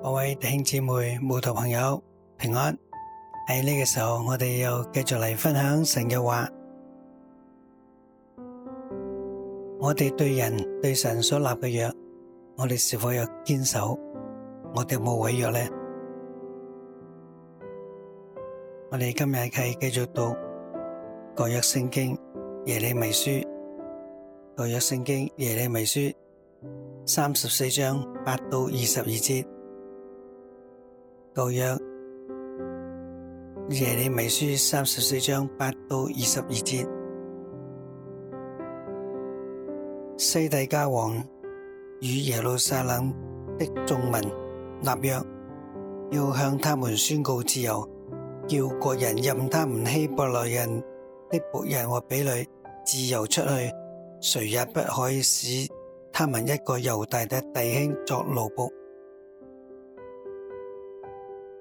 各位弟兄姊妹、慕道朋友平安！喺呢個時候，我哋又繼續嚟分享神嘅話。我哋對人、對神所立嘅約，我哋是否有堅守？我哋冇違約呢？我哋今日係繼續讀《舊約聖經耶利米書》，《舊約聖經耶利米書》三十四章八到二十二節。舊約耶利米書三十四章八到二十二節，西底家王與耶路撒冷的眾民立約，要向他們宣告自由，叫各人任他們希伯來人的僕人和婢女自由出去，誰也不可以使他們一個猶大的弟兄作奴僕。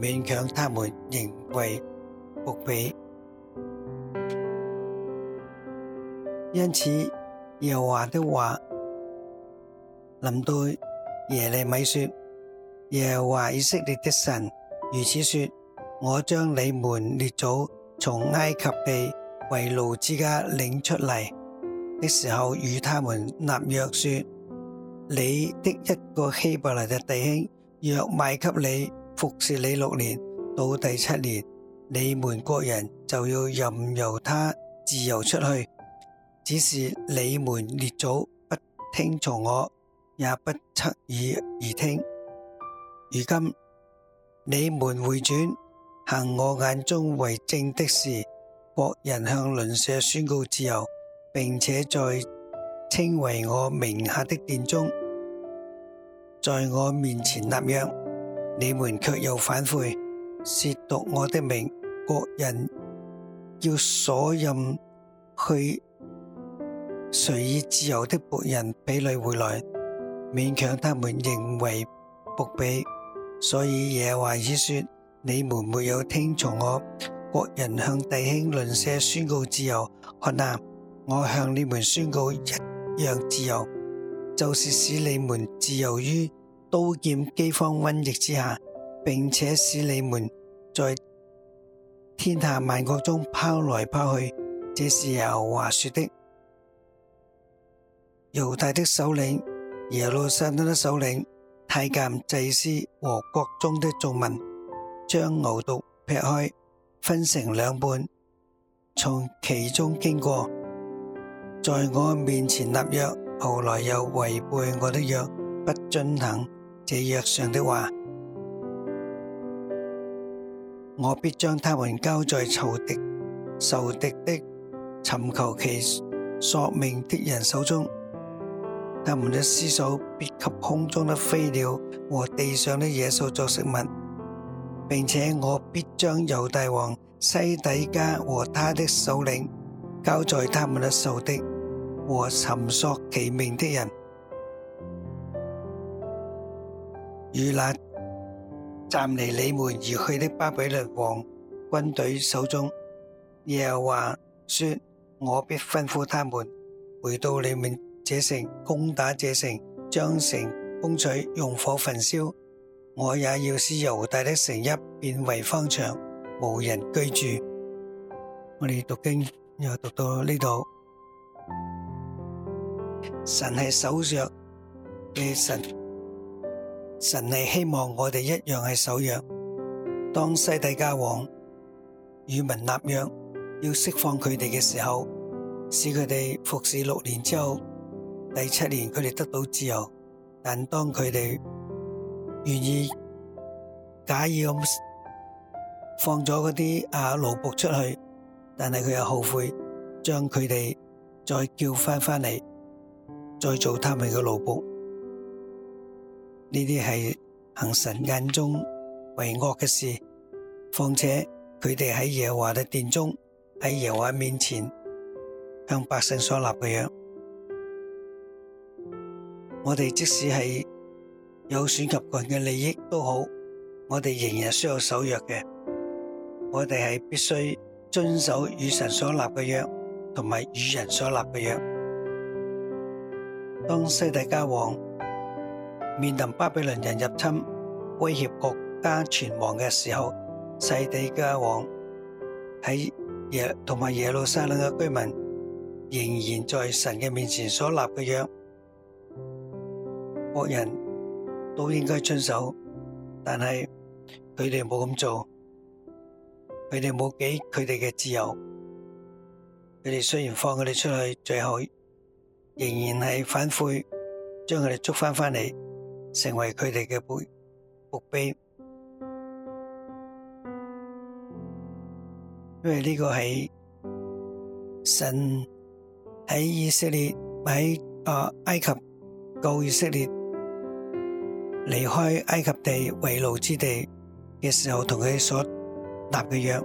勉強他們仍為僕婢，因此耶和華的話臨到耶利米說：耶和華以色列的神如此說：我將你們列祖從埃及地為奴之家領出嚟的時候，與他們立約說：你的一個希伯來嘅弟兄若賣給你，服侍你六年，到第七年，你們國人就要任由他自由出去。只是你們列祖不聽從我，也不側耳而聽。如今你們回轉行我眼中為正的事，國人向鄰舍宣告自由，並且在稱為我名下的殿中，在我面前立約。你們卻又反悔，褻瀆我的名，各人要所任去，隨意自由的僕人比例回來，勉強他們認為僕婢，所以耶和華說：你們沒有聽從我，各人向弟兄鄰舍宣告自由，看哪，我向你們宣告一樣自由，就是使你們自由於。刀劍饑荒瘟疫之下，並且使你們在天下萬國中拋來拋去，這是由話說的。猶大的首領、耶路撒冷的首領、太監、祭司和國中的眾民，將牛犢劈開，分成兩半，從其中經過，在我面前立約，後來又違背我的約，不遵行。這約上的話，我必將他們交在仇敵仇敵的尋求其索命的人手中，他們嘅屍首必給空中的飛鳥和地上的野獸作食物，並且我必將猶大王西底家和他的首領交在他們嘅仇敵和尋索其命的人，與那站離你們而去的巴比倫王軍隊手中，耶話說：我必吩咐他們回到你們這城攻打這城，將城攻取，用火焚燒。我也要使猶大的城邑變為荒場，無人居住。我哋讀經又讀到呢度，神係守約嘅神。神係希望我哋一樣係守約。當西底家王與民立約，要釋放佢哋嘅時候，使佢哋服侍六年之後，第七年佢哋得到自由。但當佢哋願意假意咁放咗嗰啲啊奴僕出去，但係佢又後悔，將佢哋再叫翻翻嚟，再做他們嘅奴僕。呢啲係行神眼中為惡嘅事，況且佢哋喺耶和華嘅殿中，喺耶和華面前向百姓所立嘅約，我哋即使係有損及個人嘅利益都好，我哋仍然需要守約嘅。我哋係必須遵守與神所立嘅約，同埋與人所立嘅約。當西底家王面臨巴比倫人入侵，威脅國家存亡嘅時候，西底家王喺耶同埋耶路撒冷嘅居民，仍然在神嘅面前所立嘅約，各人都應該遵守。但係佢哋冇咁做，佢哋冇俾佢哋嘅自由，佢哋雖然放佢哋出去，最後仍然係反悔，將佢哋捉翻翻嚟。成為佢哋嘅墓墓碑，因為呢個係神喺以色列喺啊埃及救以色列離開埃及地為奴之地嘅時候，同佢所立嘅約，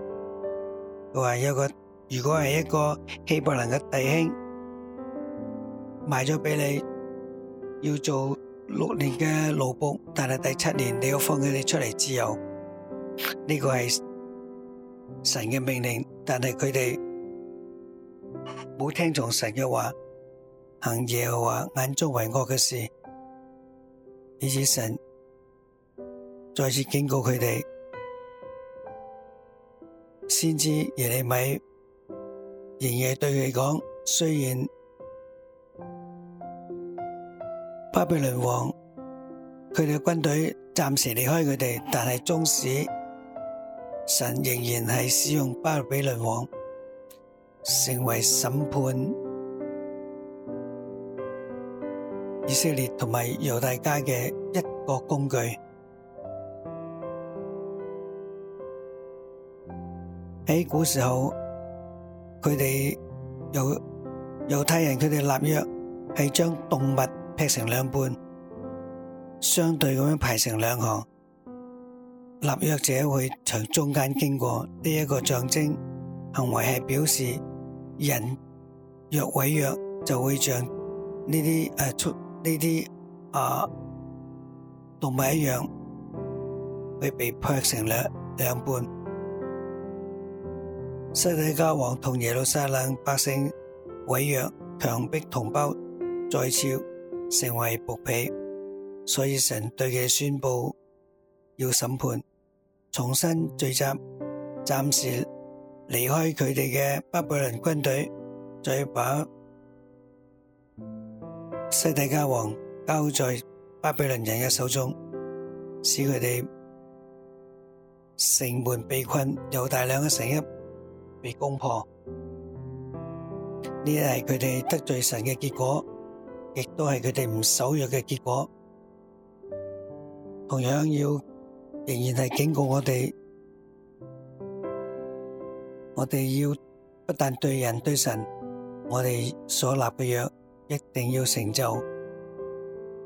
佢話有個如果係一個希伯蘭嘅弟兄賣咗俾你，要做。六年嘅勞僕，但係第七年你要放佢哋出嚟自由，呢、這個係神嘅命令，但係佢哋冇聽從神嘅話，行耶和華眼中為惡嘅事，以致神再次警告佢哋，先知耶利米仍然對佢講，雖然。巴比倫王，佢哋軍隊暫時離開佢哋，但係始終神仍然係使用巴比倫王成為審判以色列同埋猶大家嘅一個工具。喺古時候，佢哋猶猶太人佢哋立約係將動物。劈成兩半，相對咁樣排成兩行，立約者會從中間經過。呢一個象徵行為係表示人若毀約，就會像呢啲誒出呢啲啊動物一樣，會被劈成兩兩半。西底家王同耶路撒冷百姓毀約，強逼同胞再次，成為僕婢，所以神對佢宣布要審判，重新聚集，暫時離開佢哋嘅巴比倫軍隊，再把西底家王交在巴比倫人嘅手中，使佢哋城門被困，有大量嘅城邑被攻破，呢啲係佢哋得罪神嘅結果。亦都係佢哋唔守約嘅結果，同樣要仍然係警告我哋，「我哋要不但對人對神，我哋所立嘅約一定要成就，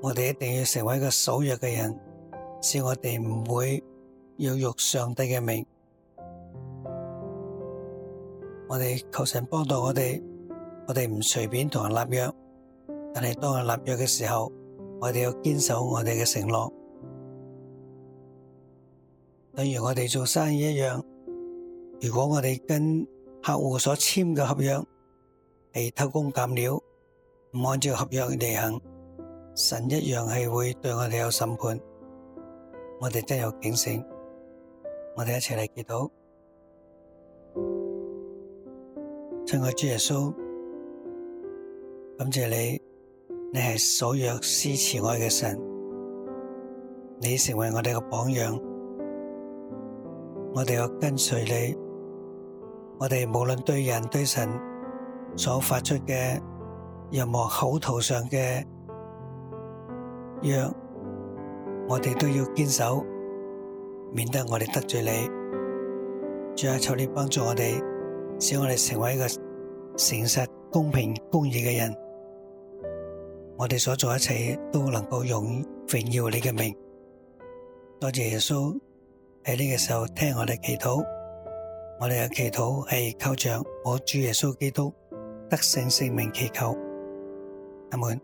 我哋一定要成為一個守約嘅人，使我哋唔會要辱上帝嘅名。」我哋求神幫助我哋，我哋唔隨便同人立約。但係當我立約嘅時候，我哋要堅守我哋嘅承諾。等如我哋做生意一樣，如果我哋跟客戶所簽嘅合約被偷工減料，唔按照合約嚟行，神一樣係會對我哋有審判。我哋真有警醒，我哋一齊嚟祈禱。親愛的主耶穌，感謝你。你係守約施慈愛嘅神，你成為我哋嘅榜樣，我哋要跟隨你。我哋無論對人對神所發出嘅任何口頭上嘅約，我哋都要堅守，免得我哋得罪你。主啊，求你幫助我哋，使我哋成為一個誠實、公平、公義嘅人。我哋所做一切都能夠榮耀榮耀你嘅名。多謝耶穌喺呢個時候聽我哋祈禱，我哋嘅祈禱係靠着我主耶穌基督得勝聖名祈求，阿門。